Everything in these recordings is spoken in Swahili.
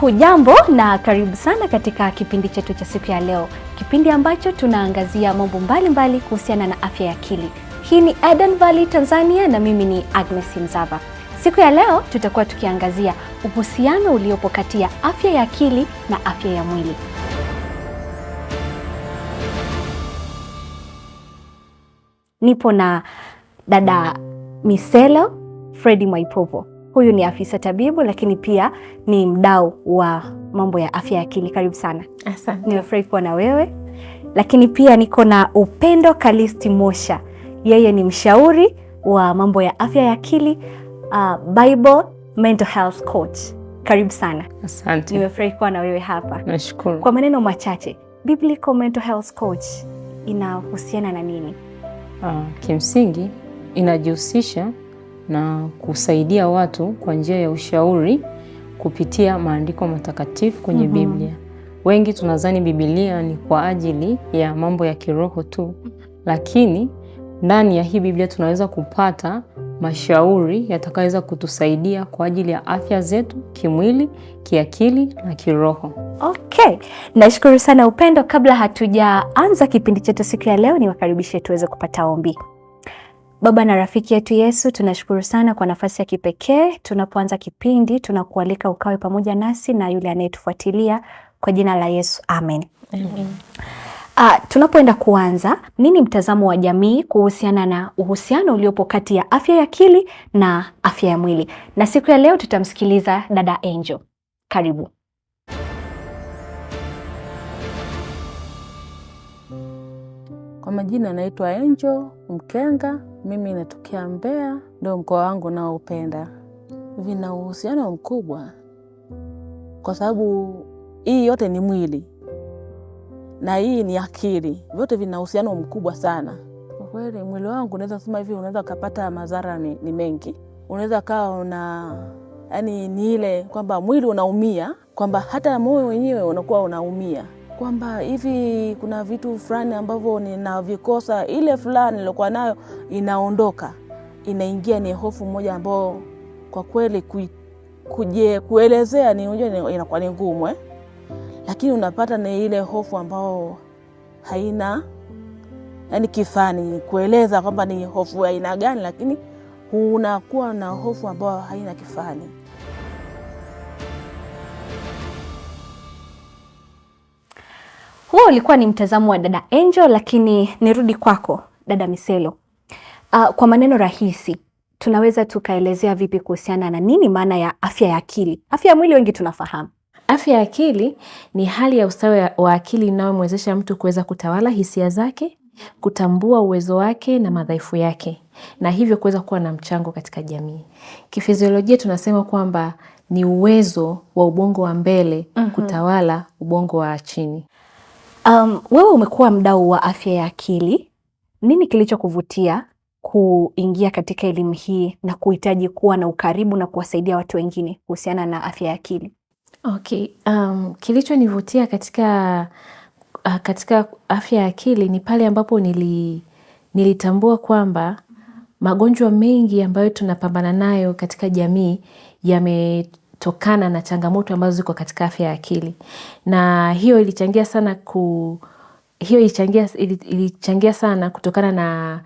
Hujambo na karibu sana katika kipindi chetu cha siku ya leo, kipindi ambacho tunaangazia mambo mbalimbali kuhusiana na afya ya akili. Hii ni Eden Valley Tanzania na mimi ni Agnes Mzava. Siku ya leo tutakuwa tukiangazia uhusiano uliopo kati ya afya ya akili na afya ya mwili. Nipo na dada Miselo Fredi Mwaipopo. Huyu ni afisa tabibu lakini pia ni mdau wa mambo ya afya ya akili. Karibu sana. Asante. Nimefurahi kuwa na wewe, lakini pia niko na Upendo Kalisti Mosha. Yeye ni mshauri wa mambo ya afya ya akili, uh, Bible mental health coach. Karibu sana. Asante. Nimefurahi kuwa na wewe hapa. Nashukuru. Kwa maneno machache, biblical mental health coach inahusiana na nini? Uh, kimsingi inajihusisha na kusaidia watu kwa njia ya ushauri kupitia maandiko matakatifu kwenye mm -hmm. Biblia. Wengi tunadhani Biblia ni kwa ajili ya mambo ya kiroho tu, lakini ndani ya hii Biblia tunaweza kupata mashauri yatakayoweza kutusaidia kwa ajili ya afya zetu kimwili, kiakili na kiroho. Okay, nashukuru sana Upendo. Kabla hatujaanza kipindi chetu siku ya leo, niwakaribishe tuweze kupata ombi. Baba na rafiki yetu Yesu, tunashukuru sana kwa nafasi ya kipekee. Tunapoanza kipindi, tunakualika ukawe pamoja nasi na yule anayetufuatilia kwa jina la Yesu, amen, amen. Ah, tunapoenda kuanza, nini mtazamo wa jamii kuhusiana na uhusiano uliopo kati ya afya ya akili na afya ya mwili? Na siku ya leo tutamsikiliza dada Angel. Karibu. Kwa majina naitwa Angel Mkenga, mimi natokea Mbeya, ndio mkoa wangu naoupenda. Vina uhusiano mkubwa kwa sababu hii yote ni mwili na hii ni akili, vyote vina uhusiano mkubwa sana kwa kweli. Mwili wangu unaweza kusema hivi, unaweza ukapata madhara ni, ni mengi. Unaweza kawa una yani, ni ile kwamba mwili unaumia, kwamba hata moyo wenyewe unakuwa unaumia kwamba hivi kuna vitu fulani ambavyo ninavikosa, ile fulani nilokuwa nayo inaondoka, inaingia. Ni hofu moja ambayo kwa kweli kuje kuelezea ni unajua inakuwa ni ngumu eh? Lakini unapata ni ile hofu ambayo haina yani kifani kueleza kwamba ni hofu aina gani, lakini unakuwa na hofu ambayo haina kifani. Huo ulikuwa ni mtazamo wa dada Angel, lakini nirudi kwako dada Miselo. Uh, kwa maneno rahisi tunaweza tukaelezea vipi kuhusiana na nini maana ya afya ya akili? Afya ya mwili wengi tunafahamu. Afya ya akili ni hali ya ustawi wa akili inayomwezesha mtu kuweza kutawala hisia zake, kutambua uwezo wake na madhaifu yake, na hivyo kuweza kuwa na mchango katika jamii. Kifiziolojia tunasema kwamba ni uwezo wa ubongo wa mbele mhm. kutawala ubongo wa chini. Um, wewe umekuwa mdau wa afya ya akili. Nini kilichokuvutia kuingia katika elimu hii na kuhitaji kuwa na ukaribu na kuwasaidia watu wengine kuhusiana na afya ya akili? Okay, um, kilichonivutia katika uh, katika afya ya akili ni pale ambapo nili, nilitambua kwamba magonjwa mengi ambayo tunapambana nayo katika jamii yame kutokana na changamoto ambazo ziko katika afya ya akili, na hiyo ilichangia sana ku hiyo ilichangia, ilichangia sana kutokana na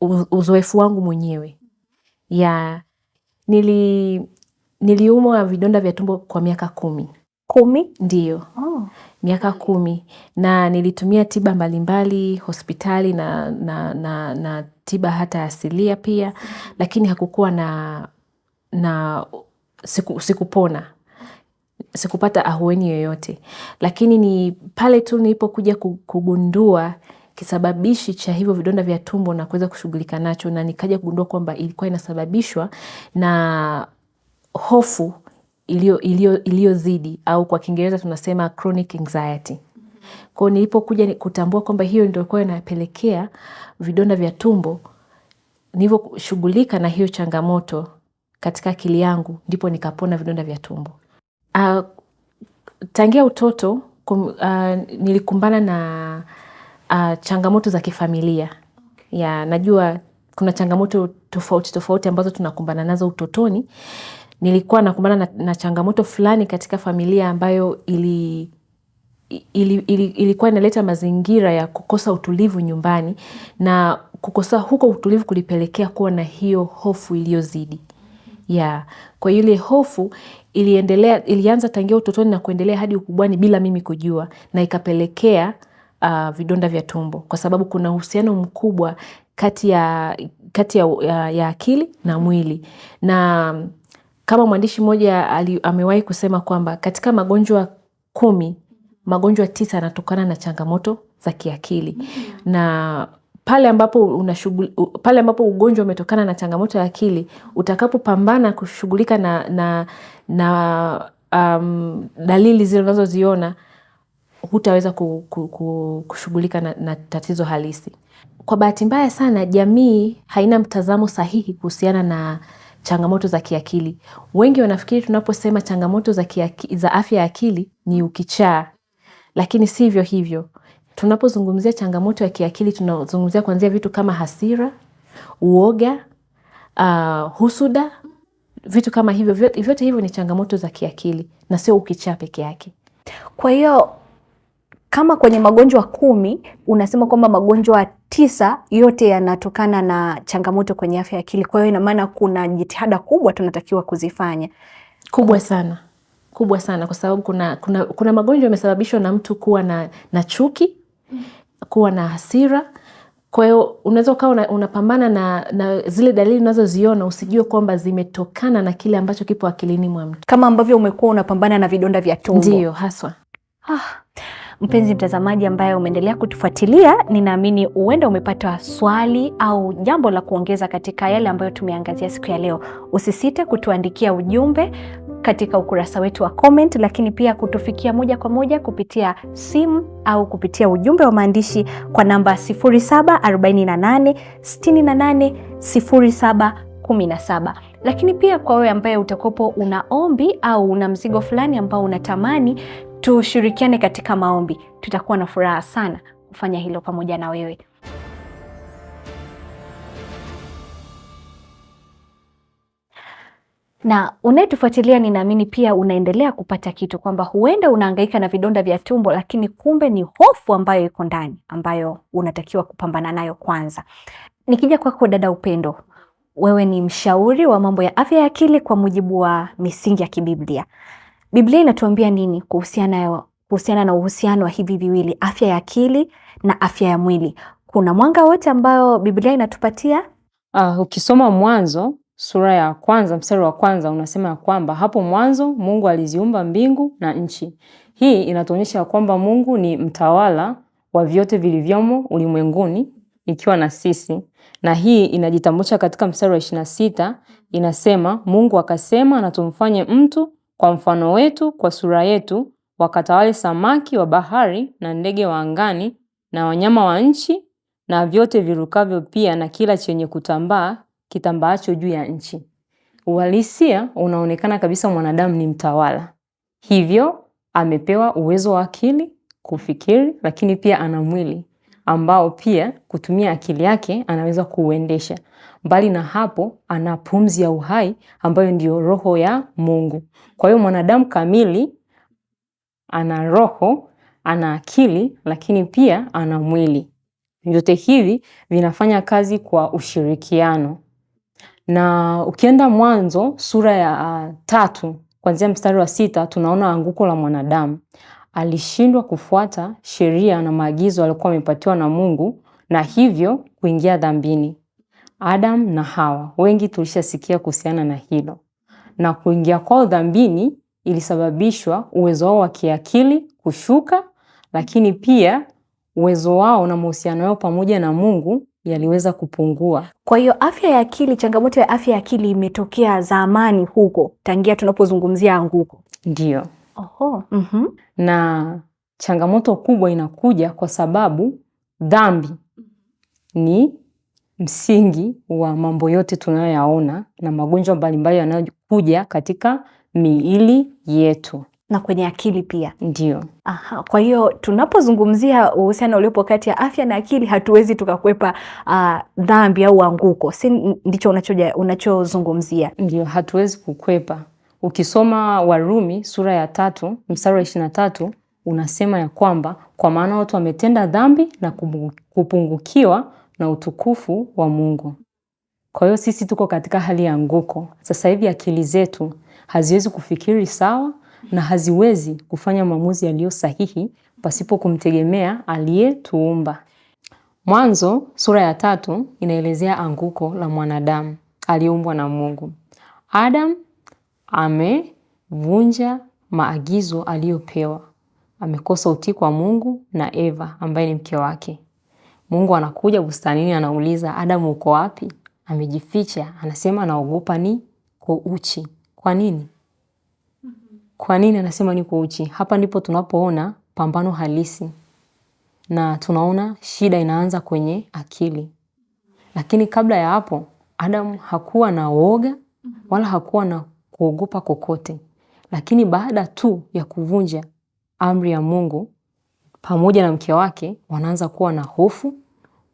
uh, uzoefu wangu mwenyewe ya nili niliumwa vidonda vya tumbo kwa miaka kumi kumi ndiyo. Oh. miaka kumi na nilitumia tiba mbalimbali hospitali na, na, na, na tiba hata asilia pia, lakini hakukuwa na na siku, sikupata ahueni yoyote, lakini ni pale tu nilipokuja kugundua kisababishi cha hivyo vidonda vya tumbo na kuweza kushughulika nacho, na nikaja kugundua kwamba ilikuwa inasababishwa na hofu iliyozidi au kwa Kiingereza tunasema chronic anxiety. Kwao nilipokuja kutambua kwamba hiyo ndio ilikuwa inapelekea vidonda vya tumbo, nilivyoshughulika na hiyo changamoto katika akili yangu, ndipo nikapona vidonda vya tumbo. Uh, tangia utoto kum, uh, nilikumbana na uh, changamoto za kifamilia ya, najua kuna changamoto tofauti tofauti ambazo tunakumbana nazo utotoni. Nilikuwa nakumbana na, na changamoto fulani katika familia ambayo ili ili, ili, ilikuwa inaleta mazingira ya kukosa utulivu nyumbani, na kukosa huko utulivu kulipelekea kuwa na hiyo hofu iliyozidi. Yeah. Kwa ile hofu iliendelea, ilianza tangia utotoni na kuendelea hadi ukubwani bila mimi kujua, na ikapelekea uh, vidonda vya tumbo, kwa sababu kuna uhusiano mkubwa kati ya kati ya, ya, ya akili na mwili na kama mwandishi mmoja amewahi kusema kwamba katika magonjwa kumi magonjwa tisa yanatokana na changamoto za kiakili, mm-hmm. na pale ambapo unashughuli, pale ambapo ugonjwa umetokana na changamoto ya akili, utakapopambana kushughulika na na, na um, dalili zile unazoziona hutaweza kushughulika na, na tatizo halisi. Kwa bahati mbaya sana, jamii haina mtazamo sahihi kuhusiana na changamoto za kiakili. Wengi wanafikiri tunaposema changamoto za, kiaki, za afya ya akili ni ukichaa, lakini sivyo hivyo. Tunapozungumzia changamoto ya kiakili, tunazungumzia kuanzia vitu kama hasira, uoga, uh, husuda, vitu kama hivyo. Vyote hivyo ni changamoto za kiakili na sio ukichaa peke yake. Kwa hiyo kama kwenye magonjwa kumi unasema kwamba magonjwa tisa yote yanatokana na changamoto kwenye afya ya akili. Kwa hiyo ina maana kuna jitihada kubwa tunatakiwa kuzifanya, kubwa sana, kubwa sana, kwa sababu kuna, kuna, kuna magonjwa yamesababishwa na mtu kuwa na, na chuki kuwa na hasira. Kwa hiyo unaweza ukawa unapambana na, na zile dalili unazoziona usijue kwamba zimetokana na kile ambacho kipo akilini mwa mtu, kama ambavyo umekuwa unapambana na vidonda vya tumbo. Ndiyo haswa. Ah, mpenzi mtazamaji ambaye umeendelea kutufuatilia, ninaamini huenda umepata swali au jambo la kuongeza katika yale ambayo tumeangazia siku ya leo. Usisite kutuandikia ujumbe katika ukurasa wetu wa comment, lakini pia kutufikia moja kwa moja kupitia simu au kupitia ujumbe wa maandishi kwa namba 0748680717. Lakini pia kwa wewe ambaye utakopo una ombi au una mzigo fulani ambao unatamani tushirikiane katika maombi, tutakuwa na furaha sana kufanya hilo pamoja na wewe. na unayetufuatilia, ninaamini pia unaendelea kupata kitu kwamba huenda unahangaika na vidonda vya tumbo, lakini kumbe ni hofu ambayo iko ndani ambayo unatakiwa kupambana nayo kwanza. Nikija kwako dada Upendo, wewe ni mshauri wa mambo ya afya ya akili kwa mujibu wa misingi ya kibiblia. Biblia inatuambia nini kuhusiana kuhusiana na uhusiano wa hivi viwili, afya ya akili na afya ya mwili? Kuna mwanga wote ambayo Biblia inatupatia. Uh, ukisoma Mwanzo sura ya kwanza mstari wa kwanza unasema ya kwamba hapo mwanzo Mungu aliziumba mbingu na nchi. Hii inatuonyesha kwamba Mungu ni mtawala wa vyote vilivyomo ulimwenguni ikiwa na sisi, na hii inajitambulisha katika mstari wa ishirini na sita inasema, Mungu akasema, na tumfanye mtu kwa mfano wetu, kwa sura yetu, wakatawale samaki wa bahari na ndege wa angani na wanyama wa nchi na vyote virukavyo pia na kila chenye kutambaa kitambaacho juu ya nchi. Uhalisia unaonekana kabisa, mwanadamu ni mtawala, hivyo amepewa uwezo wa akili kufikiri, lakini pia ana mwili ambao pia kutumia akili yake anaweza kuuendesha. Mbali na hapo, ana pumzi ya uhai ambayo ndiyo roho ya Mungu. Kwa hiyo mwanadamu kamili ana roho, ana akili, lakini pia ana mwili. Vyote hivi vinafanya kazi kwa ushirikiano na ukienda Mwanzo sura ya uh, tatu kuanzia mstari wa sita tunaona anguko la mwanadamu. Alishindwa kufuata sheria na maagizo aliyokuwa amepatiwa na Mungu na hivyo kuingia dhambini. Adam na Hawa, wengi tulishasikia kuhusiana na hilo, na kuingia kwao dhambini ilisababishwa uwezo wao wa kiakili kushuka, lakini pia uwezo wao na mahusiano yao pamoja na Mungu yaliweza kupungua. Kwa hiyo afya ya akili, changamoto ya afya ya akili imetokea zamani huko, tangia tunapozungumzia anguko. ndio Oho. Mm -hmm. Na changamoto kubwa inakuja kwa sababu dhambi ni msingi wa mambo yote tunayoyaona na magonjwa mbalimbali yanayokuja katika miili yetu na kwenye akili pia ndio. Aha, kwa hiyo tunapozungumzia uhusiano uliopo kati ya afya na akili hatuwezi tukakwepa uh, dhambi au anguko, si ndicho unachozungumzia? Ndio, hatuwezi kukwepa. Ukisoma Warumi sura ya tatu mstari wa ishirini na tatu unasema ya kwamba kwa maana watu wametenda dhambi na kupungukiwa na utukufu wa Mungu. Kwa hiyo sisi tuko katika hali ya anguko sasa hivi, akili zetu haziwezi kufikiri sawa na haziwezi kufanya maamuzi yaliyo sahihi pasipo kumtegemea aliyetuumba. Mwanzo sura ya tatu inaelezea anguko la mwanadamu aliyeumbwa na Mungu. Adam amevunja maagizo aliyopewa, amekosa utii kwa Mungu na Eva ambaye ni mke wake. Mungu anakuja bustanini, anauliza Adamu, uko wapi? Amejificha, anasema anaogopa ni kwa uchi. Kwa nini? Kwa nini anasema niko uchi? Hapa ndipo tunapoona pambano halisi na tunaona shida inaanza kwenye akili, lakini kabla ya hapo Adamu hakuwa na uoga wala hakuwa na kuogopa kokote, lakini baada tu ya kuvunja amri ya Mungu pamoja na mke wake, wanaanza kuwa na hofu,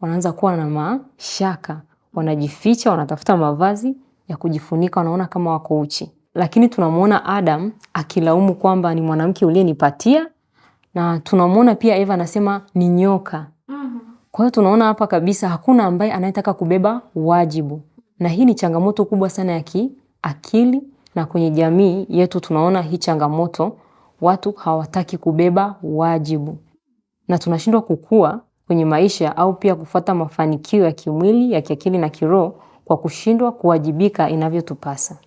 wanaanza kuwa na mashaka, wanajificha, wanatafuta mavazi ya kujifunika, wanaona kama wako uchi lakini tunamwona Adam akilaumu kwamba ni mwanamke uliyenipatia, na tunamwona pia Eva anasema ni nyoka. Mhm. Kwa hiyo tunaona hapa kabisa hakuna ambaye anayetaka kubeba wajibu, na hii ni changamoto kubwa sana ya kiakili, na kwenye jamii yetu tunaona hii changamoto, watu hawataki kubeba wajibu na tunashindwa kukua kwenye maisha au pia kufuata mafanikio ya kimwili, ya kiakili na kiroho kwa kushindwa kuwajibika inavyotupasa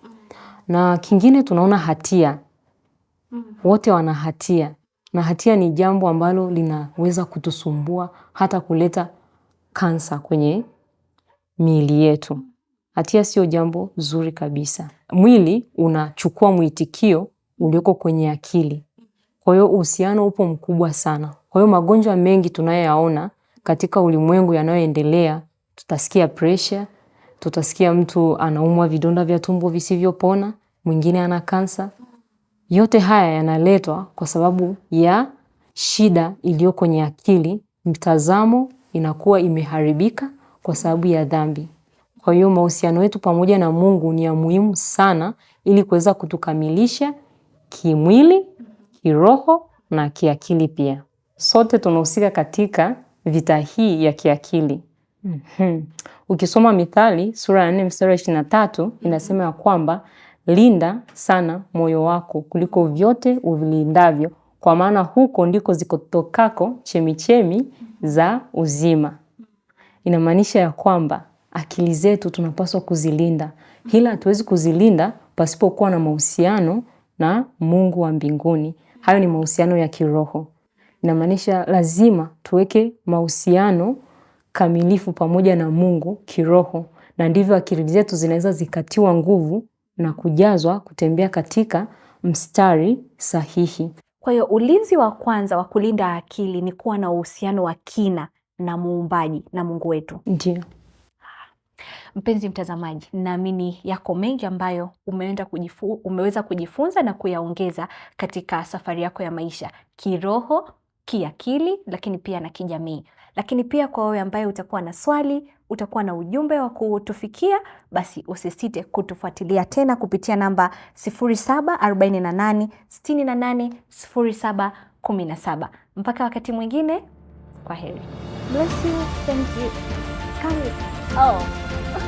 na kingine tunaona hatia mm. wote wana hatia, na hatia ni jambo ambalo linaweza kutusumbua hata kuleta kansa kwenye miili yetu. Hatia sio jambo zuri kabisa. Mwili unachukua mwitikio ulioko kwenye akili, kwa hiyo uhusiano upo mkubwa sana. Kwa hiyo magonjwa mengi tunayoyaona katika ulimwengu yanayoendelea, tutasikia pressure tutasikia mtu anaumwa vidonda vya tumbo visivyopona, mwingine ana kansa. Yote haya yanaletwa kwa sababu ya shida iliyo kwenye akili, mtazamo inakuwa imeharibika kwa sababu ya dhambi. Kwa hiyo mahusiano yetu pamoja na Mungu ni ya muhimu sana ili kuweza kutukamilisha kimwili, kiroho na kiakili pia. Sote tunahusika katika vita hii ya kiakili. Mm-hmm. Ukisoma Mithali sura ya 4 mstari wa ishirini tatu inasema ya kwamba linda sana moyo wako kuliko vyote uvilindavyo, kwa maana huko ndiko zikotokako chemichemi za uzima. Inamaanisha ya kwamba akili zetu tunapaswa kuzilinda, ila hatuwezi kuzilinda pasipokuwa na mahusiano na Mungu wa mbinguni. Hayo ni mahusiano ya kiroho. Inamaanisha lazima tuweke mahusiano kamilifu pamoja na Mungu kiroho, na ndivyo akili zetu zinaweza zikatiwa nguvu na kujazwa kutembea katika mstari sahihi. Kwa hiyo ulinzi wa kwanza wa kulinda akili ni kuwa na uhusiano wa kina na muumbaji na Mungu wetu. Ndio. Mpenzi mtazamaji, naamini yako mengi ambayo umeenda kujifu, umeweza kujifunza na kuyaongeza katika safari yako ya maisha kiroho, kiakili, lakini pia na kijamii. Lakini pia kwa wewe ambaye utakuwa na swali, utakuwa na ujumbe wa kutufikia, basi usisite kutufuatilia tena kupitia namba 0748 Mpaka wakati mwingine, kwa heri. Bless you, thank you.